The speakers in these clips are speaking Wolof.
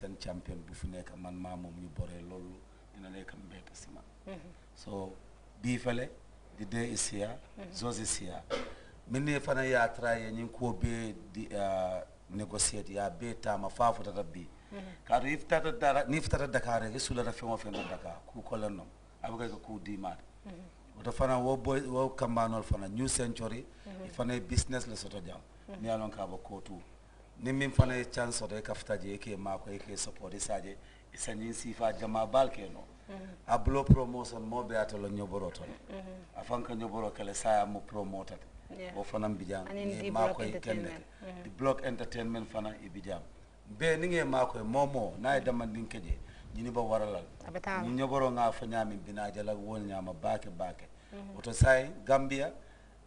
sen champion bu fi nekk man maa moom ñu boree loolu dina nekk mbégte si man so bii fele di dee isia here Zoz is here min ne fana ya traye ñin ko bee di négocier ya bee taama faafu tata bi kaatu if tata dara ni if tata Dakar rek sulata feŋo feŋ na Dakar ku la nom abuka ko ku diimaata woto fana wo boy wo kambanol fana new century fana business la soto jam ni alon ka ba kootuu ni min fana ye can sɔrɔ e ka fitaje e k'e maa kɔ e k'e sɔpɔri saje i sanji sifa jama bal ke no mm-hmm. a bulo promotion mo be atolo nyoboro to mm-hmm. a fan ka nyoboro kale saya mo promoted o fana bijam ni ma ko tende di block entertainment fana i bijam be ni nge ma ko momo na ye damandin keje ñini ba waralal ni ñoboro nga fa nyami bina jala wol ñama baake baake mm-hmm. to say gambia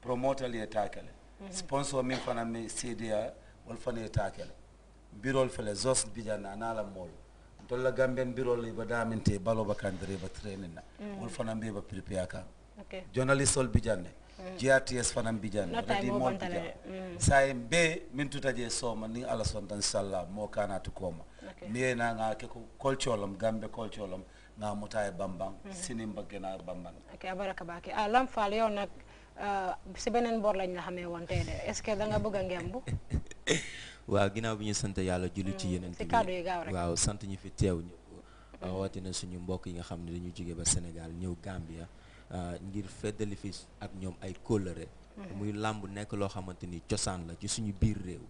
promoter li takale sponsor min fana mi cda wol fane takele birol fele zos bijana nala mol dolla gamben birol ba daminte balo ba kandere ba training na wol mm. fana mbe ba prepare a okay journalist sol bijanne mm. GRTS fana bijanne radi mo bijanne mm. say be min tutaje soma ni ala son tan salla mo kana to koma ni na nga ke ko kolcholam gambe kolcholam nga mutaye bambang sinim ba gena bambang okay abaraka baki ah, ah, la xamee woon tey de est-ce que da nga bëgg a ngemb waaw ginnaaw bi ñu sant yàlla julli ci yeneen waaw sant ñu fi teew ñëpp rawatina suñu mbokk yi nga xam ne dañu jóge ba Sénégal ñëw Gambia ah, ngir feddali fi ak ñoom ay kóllëre hmm. muy làmb nekk loo xamante ni cosaan la ci suñu biir réew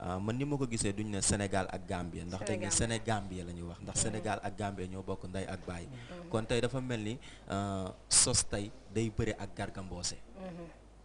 ah, man ni ma ko gisee duñ ne senegal ak Gambie ndax dañ ne Sénégambie la ñuy wax ndax hmm. Sénégal ak Gambie ñoo bokk ndey ak baay hmm. kon tey dafa mel ni ah, sos tey day bëre ak Garga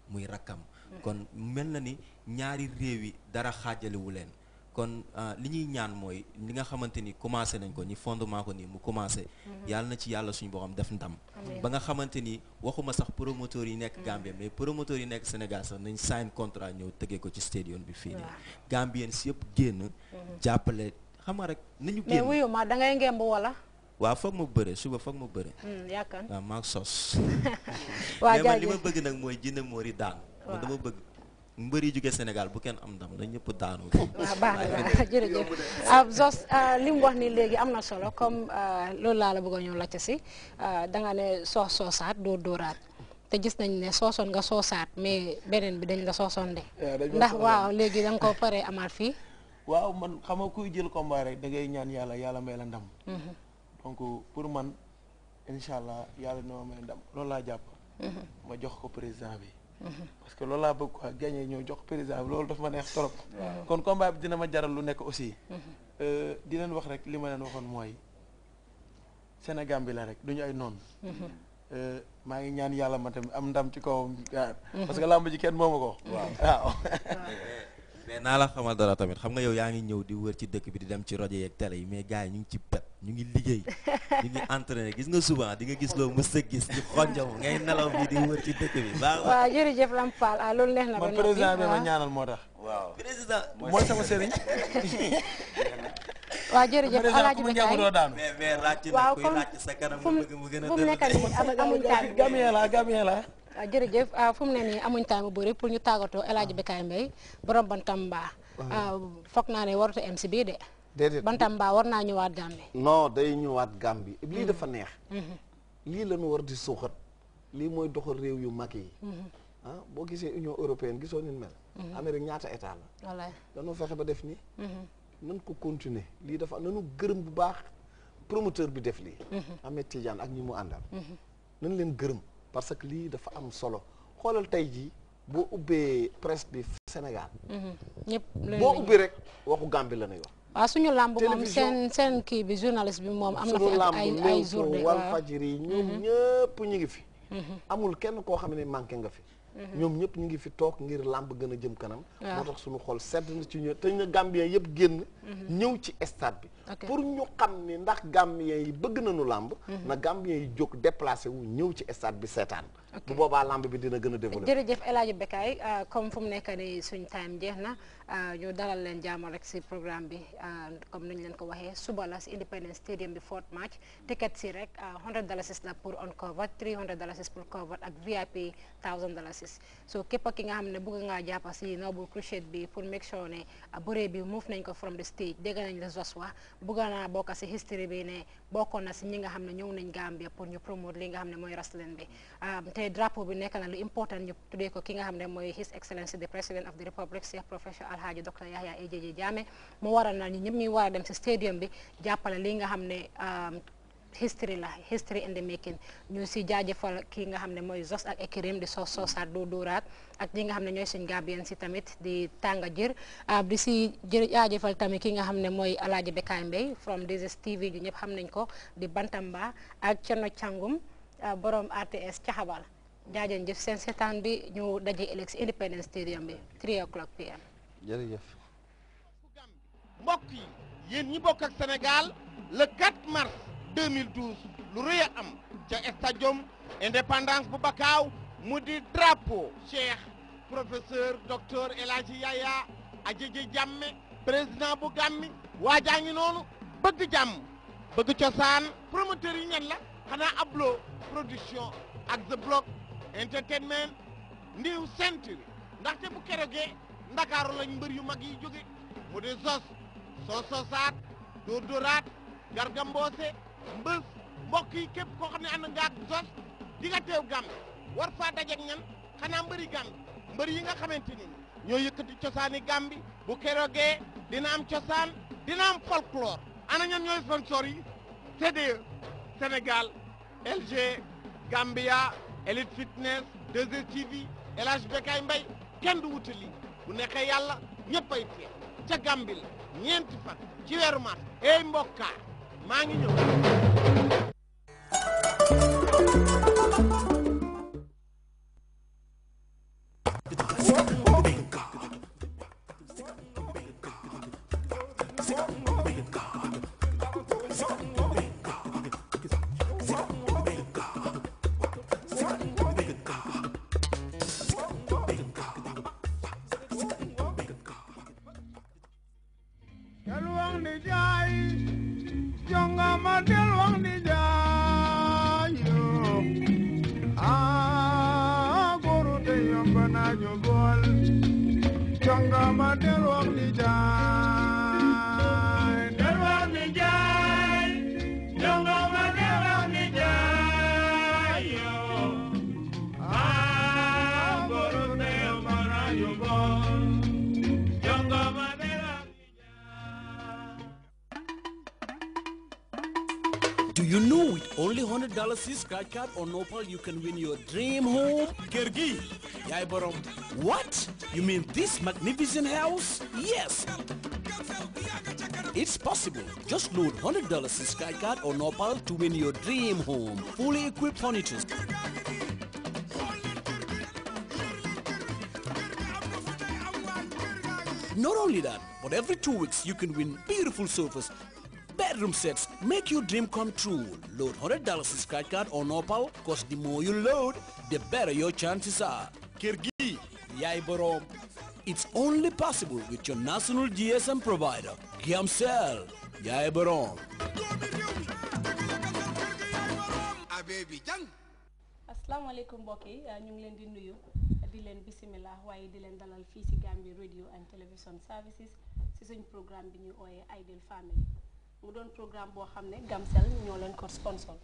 muy rakkam kon mel na ni ñaari réew yi dara xaajalewu leen kon euh, li ñuy ñaan mooy li nga xamante ni commencé nañ ko ni fondement ko nii mu commencé mm-hmm. yàlla na ci yàlla suñu borom def ndam ba nga xamante ni waxuma sax promoteurs yi nekk Gambie mais promoteurs yi nekk Sénégal sax nañ sign contrat ñëw tëgee ko ci stadium bi fii nii Gambien si yëpp génn mm-hmm. jàppale xam rek nañu génn mais waaw foog mu bëre suba foog mu bëre. Hmm, yaakaar naa waaw maa sos. waa jaajëf li ma bëgg nag mooy Djinné Mory daan. waaw dama bëgg mbër yi jóge Sénégal bu kenn am ndam dañ ñëpp daanu. waaw ah, ah, li mu wax ni léegi am na solo comme ah, loolu laa la bëgg a ñëw laajte si danga ne soos soosaat doo dooraat. te gis nañ ne soosoon nga soosaat mais beneen bi dañ la soosoon eh, ndax waaw léegi da ko paree amaat fii. waaw man xam nga kuy jël combat rek da ñaan yàlla yàlla may la ndam. Mhm. donc pour man incha allah yàlla dina ma may ndam loolu laa ma jox ko bi. parce que loolu laa bëgg quoi gagné ñëw jox président bi loolu daf kon combat bi dina ma jaral lu nekk aussi. Mhm. Euh, di leen wax rek li ma leen waxoon mooy Sénégal bi la rek duñu ay noonu. Mhm. Euh, maa ngi ñaan yàlla ma tamit am ndam ci kawam. Mhm. parce que làmb ji kenn moomu ko. waaw mais naa la xamal dara tamit xam nga yow yaa ngi ñëw di wër ci dëkk bi di dem ci rajo yeeg télé yi mais gars yi ñu ngi ci pet. ñu ngi liggéey ñu ngi entraîné gis nga souvent di nga gis loo mës a gis ñu xonjam ngay nelaw bi di wër ci dëkk bi baax waaw jërëjëf Lam Fall ah, ah. moo tax waaw président mooy sama sëriñ a fu mu la gamee ah, fu mu ne nii amuñ taal bu bëri pour ñu tàggatoo alaaji Bekaay Mbaye borom Bantamba ah, foog naa ne waratu MC bii de déedéet Bantamba war naa ñëwaat Gambie. non day ñëwaat Gambie mm-hmm. lii dafa neex. Mm-hmm. lii la ñu war di suuxat lii mooy doxal réew yu mag yi. Mm-hmm. Ah, boo gisee Union européenne gisoo ni mel. Amérique ñaata état la. wallaay fexe ba def nii. nan ko continuer lii dafa nanu gërëm bu baax promoteur bi def lii. Ahmed Tidiane ak ñi mu àndal. nan leen gërëm parce que lii dafa am solo xoolal tey jii boo ubbee presse bi Sénégal. ñëpp boo ubbi rek waxu Gambie la ñuy waaw suñu làmb moom seen seen kii bi journaliste bi moom am na fi ak ay ay journée wal fajri ñoom mhm. ñëpp ñu ngi fi mhm. amul kenn koo xam ne manqué nga fi mhm. ñoom ñëpp ñu ngi fi toog ngir làmb gën a jëm kanam moo tax suñu xol sedd na ci ñoom te ñu yëpp génn ñëw ci stade bi pour ñu xam ni ndax gambien yi bëgg nañu làmb na gambien yi jóg déplacé wu ñëw ci stade bi seetaan bu boobaa làmb bi dina gën a développé jërëjëf El Hadj Bekay euh, comme fu mu nekk nii suñ time jeex na Euh, ñu dalal leen jàmm rek si programme bi euh, comme ni ñu leen ko waxee suba la si Independence Stadium bi fourth match ticket si rek 100 euh, dalasis la pour on covered 300 dalasis pour covered ak VIP 1000 dalasis so képp ki nga xam ne bëgg ngaa jàppa si Noble Crusade bi pour make sure ne bëree bi move nañ ko from the stage dégg nañ la Zos wax bëgg naa bokk si history bi ne bokkoon si ñi nga xam ne ñëw nañ Gambia pour ñu promote li mooy wrestling alhaaji docteur Yahya AJJ Jammeh mu waral na ñu ñëpp ñuy war a dem si stadium bi jàppale li nga xam ne um, history la history in the making ñu si jaajëfal ki nga xam ne mooy Zos ak Ekirim di soos soosaat doo dooraat ak li nga xam ne ñooy suñ Gambien si tamit di tànga jër uh, di si jaajëfal tamit ki nga xam ne mooy Alaaji Bekaay Mbay from DSS TV ju ñëpp xam nañ ko di Bantamba ak Cerno Cangum uh, borom RTS Caxabal jaajën jëf seen seetaan bi ñu daje ëllëg jërëjëf yi ñi Sénégal le 4 mars 2012 lu rëy am stadium Indépendance bu Bakao mu drapeau Cheikh professeur docteur El Yaya Jammeh président bu Gàmbi waajaa ngi noonu bëgg bëgg promoteur yi ñen la Ablo production ak Block entertainment New century ndaxte bu ndakaaru lañ mbër yu mag yi jóge mu di sos sos dóor dóoraat garga mbës mbokk yi képp koo xam ne ànd nga ak sos di nga teew gàmbi war faa dajek ñan xanaa mbëri gàmbi mbër yi nga xamante ni ñoo yëkkati cosaani gàmbi bu kerogee dina am cosaan dina am folklore ana ñan ñooy sponsor yi CDE Sénégal LG Gambia Elite Fitness 2STV Bekay Mbaye kenn du wuute bu nekkee yàlla ñëppay teew ca Gàmbi la ñeenti ci weeru ey mbokkaar maa ngi ñëw Del wang di jai, jonga ma del wang di jai. $100 scratch card or Nopal, you can win your dream home. Gergi, Yai Borom. What? You mean this magnificent house? Yes. It's possible. Just load $100 Sky card or Nopal to win your dream home. Fully equipped furniture. Not only that, but every two weeks you can win beautiful sofas bedroom sets on Opal, cause the more you load, the better your chances are. Kirgi, yay borom. It's only possible with your national GSM provider, Giamcell, yay borom. Ah, asalaamaaleykum mbokk yi ah, ñu ngi leen di nuyu di leen bisimila waaye di leen dalal fii ci Gambia radio and television services ci suñ programme bi ñuy ooyee Ideal Family mu doon programme boo xam ne Gamcel ñoo leen ko sponsor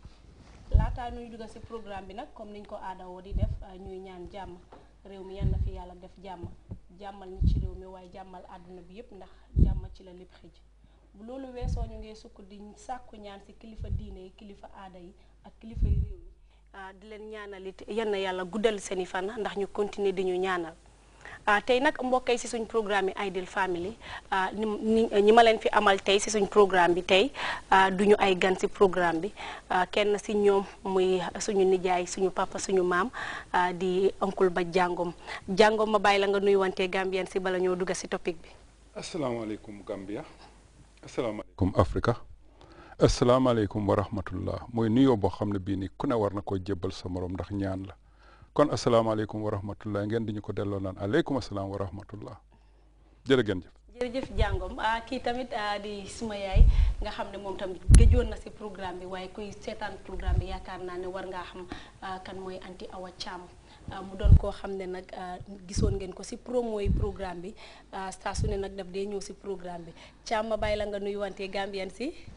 laataa ñuy dugg si programme bi nag comme niñ ko aada woo di def euh, ñuy ñaan jàmm réew mi yal na fi yàlla def jàmm jàmmal ñi ci réew mi waaye jàmmal àdduna bi yépp ndax jàmm ci la lépp xëj bu loolu weesoo ñu ngi sukk di sàkku ñaan si kilifa diine yi kilifa aada yi ak kilifa yi réew mi ah, di leen ñaanal it yal na yàlla guddal seeni fan ndax ñu continuer di ñu ñaanal. Ah, tey nag mbokkay si suñ programme yi Ideal Family ah, ñi ma leen fi amal tey si suñ programme bi tey ah, du ñu ay gan si programme bi kenn si ñoom muy suñu nijaay suñu papa suñu maam di oncle ba jàngoom jàngoom ma bàyyi la nga nuy wante Gambien si bala ñoo dugga si topic bi asalaamaaleykum Gambia asalaamaaleykum Africa asalaamaaleykum wa rahmatullah mooy nuyoo boo xam ne bii ni ku ne war na koo jébbal sa morom ndax ñaan la kon asalaamaaleykum wa rahmatullah ngeen di ñu ko delloo naan aleykum asalaam wa rahmatullah jërë ngeen jëf jërëjëf jàngom ah, kii tamit ah, di suma yaay nga xam ne moom tamit gëjoon na si programme bi waaye kuy seetaan programme bi yaakaar naa ne war ngaa xam ah, kan mooy anti awa caam mu doon koo xam ne nag gisoon ngeen ko si promo programme bi saa ne nag def dee ñëw si programme bi caam ma bàyyi la nga nuy wante Gambien si